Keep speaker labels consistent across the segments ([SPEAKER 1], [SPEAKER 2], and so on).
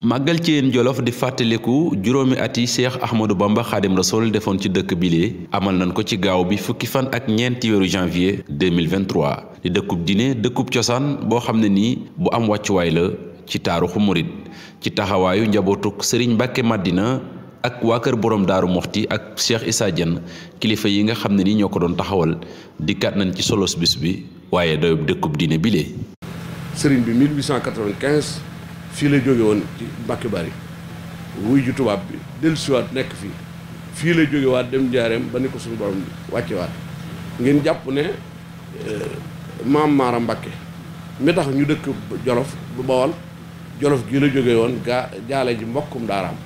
[SPEAKER 1] maggal ci yéen jolof di fàttaliku juróomi at yi cheikh ahmadou bamba xaadim rasool defoon ci dëkk bile amal nañ ko ci gaaw bi fukki fan ak ñeenti weeru janvier 2023 di dëkkub dine dëkkub cosaan boo xam ne nii bu am wàccuwaay la ci taarixu murit ci taxawaayu njabootuk sëriñ mbàkke màddina ak waa kër borom daaru moxti ak cheikh isaa kilifa yi nga xam ne nii ñoo ko doon taxawal dikkaat nañ ci solos bis bi waaye
[SPEAKER 2] dayob dëkkub diine bilee sëriñ bi fii la jóge woon ci Mbàkke Bari wuy ju tubaab bi dellusiwaat nekk fii fii la jóge waat dem njaareem ba ni ko suñu borom wàcce waat ngeen jàpp ne euh, maam Maara Mbàkke mi tax ñu dëkk Jolof bu Bawol Jolof gii la jóge woon gaa jaale ji mbokkum daaraam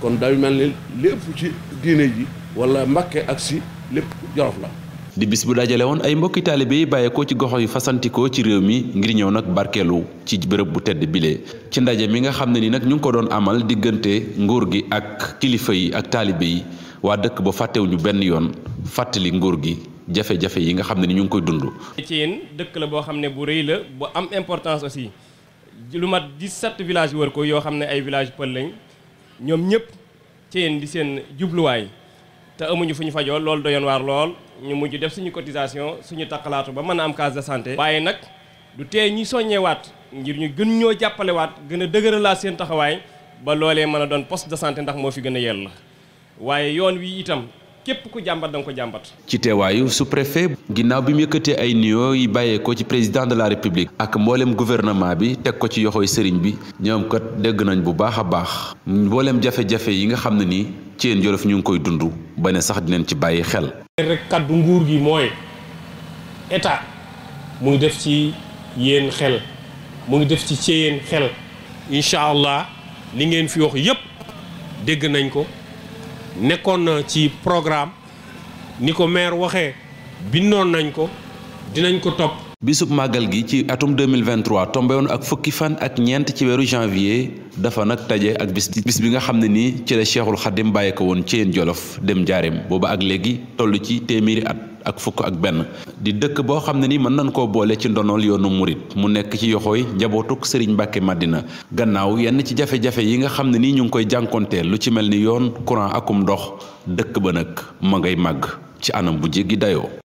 [SPEAKER 2] kon day mel ni lépp ci diine ji walla mbakke ak si lépp Jolof la
[SPEAKER 1] di bis bu dajale woon ay mbokki taalibe yi bàyyeekoo ci goxo yu fasantikoo ci réew mi ngir ñëw nag barkeelu ci bërëb bu tedd bile ci ndaje mi nga xam ne ni nag ñu ngi ko doon amal diggante nguur gi ak kilifa yi ak taalibe yi waa dëkk ba fàttewu ñu benn yoon fàttali nguur gi jafe-jafe yi nga xam ne ni ñu ngi ko dund.
[SPEAKER 3] ci yéen dëkk la boo xam ne bu rëy la bu am importance aussi lu mat 17 village wër ko yoo xam ne ay village pël lañ ñoom ñëpp ci seen jubluwaay. te amuñu fu ñu fajoo loolu doyoon waar lool ñu mujj def suñu cotisation suñu takkalaatu ba mën a am case de santé. waaye nag du tee ñi soññewaat ngir ñu gën ñoo jàppalewaat gën a dëgëralaat seen taxawaay ba loolee mën a doon poste de santé ndax moo fi gën a yell waaye yoon wii itam. képp ku jàmbat danga ko jàmbat.
[SPEAKER 1] ci teewaayu su préfet ginnaaw bi mu yëkkatee ay nuyoo yi bàyyeekoo ci président de la république. ak mbooleem guvernement bi teg ko ci yoxoy sëriñ bi ñoom dégg nañ bu baax a baax. mboolem jafe yi nga xam ne nii Thiène Djolof ñu ngi koy dund. ba ne sax dinañ ci bàyyi xel.
[SPEAKER 4] rek nguur gi mooy état mu ngi def ci yéen xel mu ngi def ci yéen xel. incha allah li ngeen fi wax yépp dégg nañ ko nekkoon na ci programme ni ko maire waxee bindoon nañ ko dinañ ko topp.
[SPEAKER 1] bisub màggal gi ci atum 2023 tombé woon ak fukki fan ak ñeent ci weeru janvier dafa nag taje ak bis bis bi nga xam ne nii ci la Cheikhul Khadim bàyyi ko woon ci yéen Jolof dem Njaareem booba ak léegi tollu ci téeméeri at ak fukk ak benn di dëkk boo xam ne ni mën nañ koo boole ci ndonool yoonu murit mu nekk ci yoxooy njabootuk Serigne Mbacke Madina gannaaw yenn ci jafe-jafe yi nga xam ne nii ñu ngi koy jànkontee lu ci mel ni yoon courant akum ndox dëkk ba nag ma ngay màgg ci anam bu jéggi dayoo